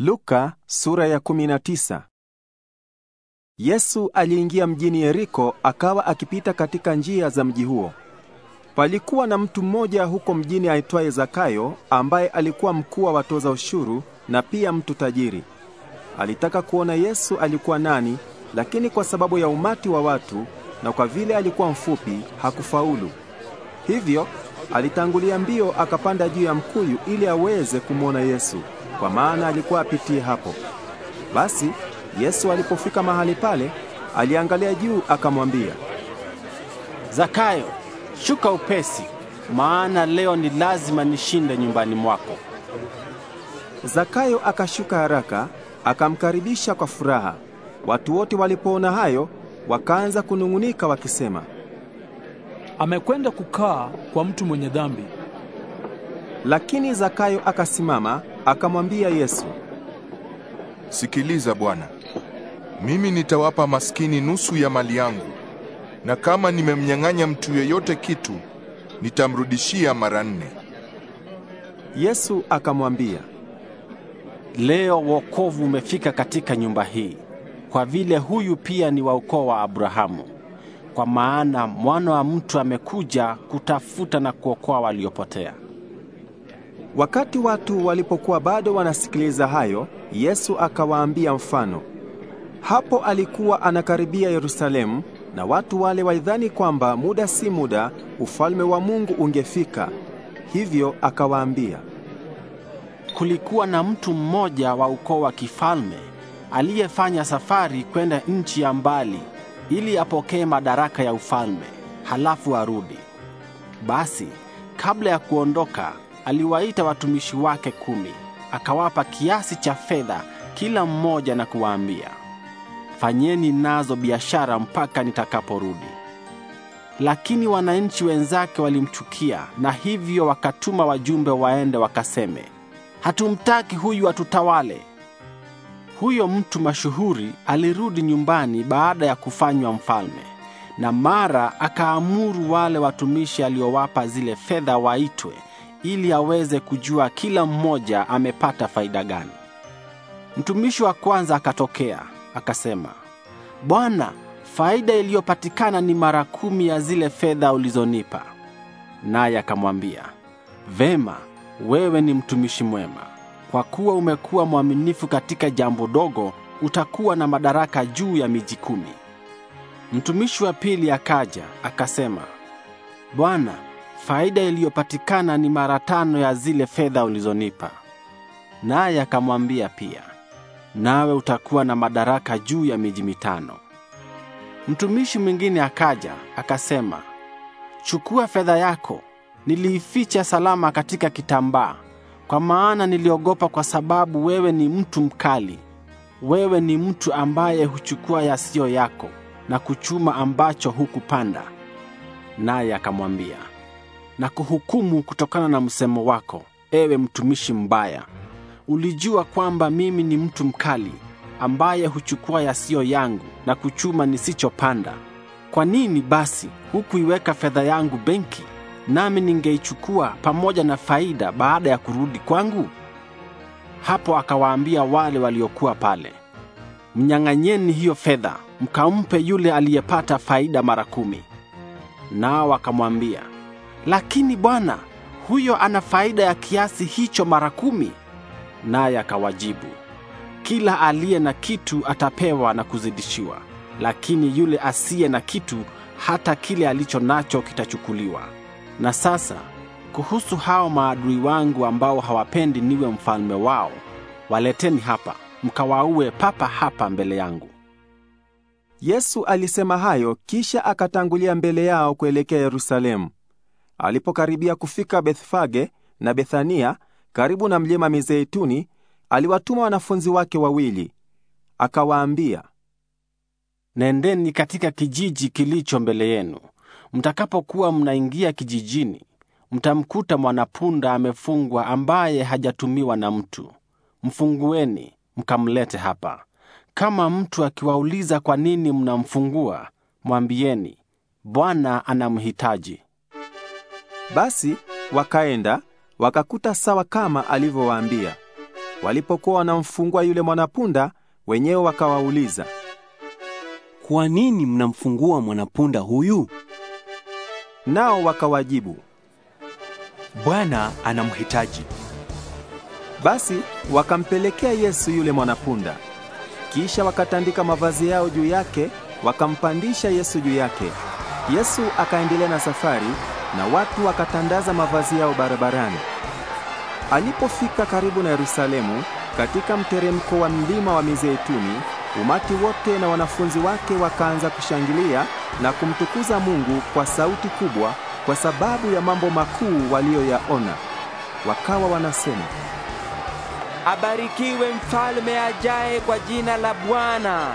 Luka sura ya 19. Yesu aliingia mjini Yeriko akawa akipita katika njia za mji huo. Palikuwa na mtu mmoja huko mjini aitwaye Zakayo ambaye alikuwa mkuu wa watoza ushuru na pia mtu tajiri. Alitaka kuona Yesu alikuwa nani, lakini kwa sababu ya umati wa watu na kwa vile alikuwa mfupi hakufaulu. Hivyo alitangulia mbio akapanda juu ya mkuyu ili aweze kumwona Yesu kwa maana alikuwa apitie hapo. Basi Yesu alipofika mahali pale, aliangalia juu akamwambia, Zakayo, shuka upesi, maana leo ni lazima nishinde nyumbani mwako. Zakayo akashuka haraka, akamkaribisha kwa furaha. Watu wote walipoona hayo, wakaanza kunung'unika wakisema, amekwenda kukaa kwa mtu mwenye dhambi. Lakini Zakayo akasimama Akamwambia Yesu, Sikiliza Bwana, mimi nitawapa maskini nusu ya mali yangu, na kama nimemnyang'anya mtu yeyote kitu, nitamrudishia mara nne. Yesu akamwambia, Leo wokovu umefika katika nyumba hii, kwa vile huyu pia ni wa ukoo wa Abrahamu. Kwa maana mwana wa mtu amekuja kutafuta na kuokoa waliopotea. Wakati watu walipokuwa bado wanasikiliza hayo, Yesu akawaambia mfano. Hapo alikuwa anakaribia Yerusalemu na watu wale waidhani kwamba muda si muda ufalme wa Mungu ungefika. Hivyo akawaambia, kulikuwa na mtu mmoja wa ukoo wa kifalme aliyefanya safari kwenda nchi ya mbali ili apokee madaraka ya ufalme, halafu arudi. Basi kabla ya kuondoka aliwaita watumishi wake kumi, akawapa kiasi cha fedha kila mmoja na kuwaambia, fanyeni nazo biashara mpaka nitakaporudi. Lakini wananchi wenzake walimchukia, na hivyo wakatuma wajumbe waende wakaseme, hatumtaki huyu atutawale. Huyo mtu mashuhuri alirudi nyumbani baada ya kufanywa mfalme, na mara akaamuru wale watumishi aliowapa zile fedha waitwe, ili aweze kujua kila mmoja amepata faida gani. Mtumishi wa kwanza akatokea akasema, Bwana, faida iliyopatikana ni mara kumi ya zile fedha ulizonipa. Naye akamwambia, vema, wewe ni mtumishi mwema, kwa kuwa umekuwa mwaminifu katika jambo dogo, utakuwa na madaraka juu ya miji kumi. Mtumishi wa pili akaja akasema, Bwana faida iliyopatikana ni mara tano ya zile fedha ulizonipa. Naye akamwambia pia, nawe utakuwa na madaraka juu ya miji mitano. Mtumishi mwingine akaja akasema, chukua fedha yako, niliificha salama katika kitambaa, kwa maana niliogopa, kwa sababu wewe ni mtu mkali. Wewe ni mtu ambaye huchukua yasiyo yako na kuchuma ambacho hukupanda. Naye akamwambia na kuhukumu kutokana na msemo wako, ewe mtumishi mbaya. Ulijua kwamba mimi ni mtu mkali ambaye huchukua yasiyo yangu na kuchuma nisichopanda. Kwa nini basi hukuiweka fedha yangu benki, nami ningeichukua pamoja na faida baada ya kurudi kwangu? Hapo akawaambia wale waliokuwa pale, mnyang'anyeni hiyo fedha mkampe yule aliyepata faida mara kumi. Nao wakamwambia lakini bwana, huyo ana faida ya kiasi hicho mara kumi. Naye akawajibu, kila aliye na kitu atapewa na kuzidishiwa, lakini yule asiye na kitu, hata kile alicho nacho kitachukuliwa. Na sasa kuhusu hao maadui wangu ambao hawapendi niwe mfalme wao, waleteni hapa mkawaue papa hapa mbele yangu. Yesu alisema hayo, kisha akatangulia mbele yao kuelekea Yerusalemu. Alipokaribia kufika Bethfage na Bethania karibu na mlima Mizeituni, aliwatuma wanafunzi wake wawili. Akawaambia, nendeni katika kijiji kilicho mbele yenu. Mtakapokuwa mnaingia kijijini, mtamkuta mwanapunda amefungwa ambaye hajatumiwa na mtu. Mfungueni mkamlete hapa. Kama mtu akiwauliza kwa nini mnamfungua, mwambieni Bwana anamhitaji. Basi wakaenda wakakuta sawa kama alivyowaambia. Walipokuwa wanamfungua yule mwanapunda, wenyewe wakawauliza, kwa nini mnamfungua mwanapunda huyu? Nao wakawajibu, Bwana anamhitaji. Basi wakampelekea Yesu yule mwanapunda. Kisha wakatandika mavazi yao juu yake, wakampandisha Yesu juu yake. Yesu akaendelea na safari na watu wakatandaza mavazi yao barabarani. Alipofika karibu na Yerusalemu, katika mteremko wa mlima wa Mizeituni, umati wote na wanafunzi wake wakaanza kushangilia na kumtukuza Mungu kwa sauti kubwa kwa sababu ya mambo makuu waliyoyaona. Wakawa wanasema, Abarikiwe mfalme ajaye kwa jina la Bwana.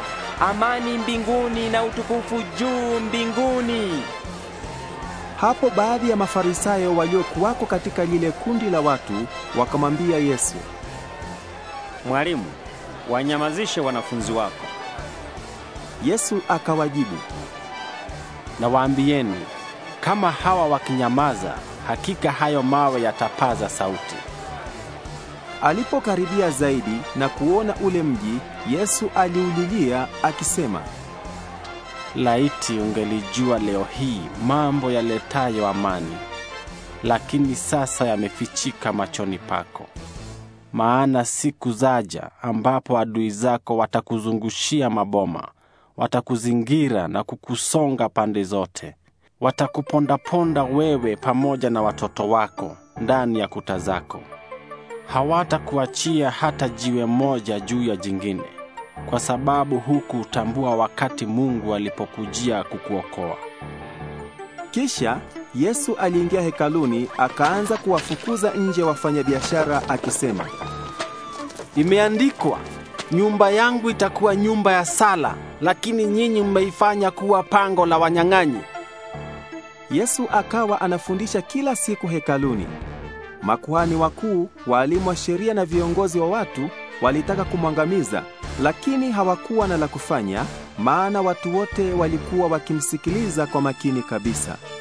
Amani mbinguni na utukufu juu mbinguni. Hapo baadhi ya Mafarisayo waliokuwako katika lile kundi la watu wakamwambia Yesu, Mwalimu, wanyamazishe wanafunzi wako. Yesu akawajibu, nawaambieni, kama hawa wakinyamaza, hakika hayo mawe yatapaza sauti. Alipokaribia zaidi na kuona ule mji, Yesu aliulilia akisema laiti ungelijua leo hii mambo yaletayo amani, lakini sasa yamefichika machoni pako. Maana siku zaja ambapo adui zako watakuzungushia maboma, watakuzingira na kukusonga pande zote, watakupondaponda wewe pamoja na watoto wako ndani ya kuta zako. Hawatakuachia hata jiwe moja juu ya jingine kwa sababu hukutambua wakati Mungu alipokujia kukuokoa. Kisha Yesu aliingia hekaluni akaanza kuwafukuza nje wafanyabiashara akisema, Imeandikwa, nyumba yangu itakuwa nyumba ya sala, lakini nyinyi mmeifanya kuwa pango la wanyang'anyi. Yesu akawa anafundisha kila siku hekaluni. Makuhani wakuu, waalimu wa sheria na viongozi wa watu walitaka kumwangamiza, lakini hawakuwa na la kufanya, maana watu wote walikuwa wakimsikiliza kwa makini kabisa.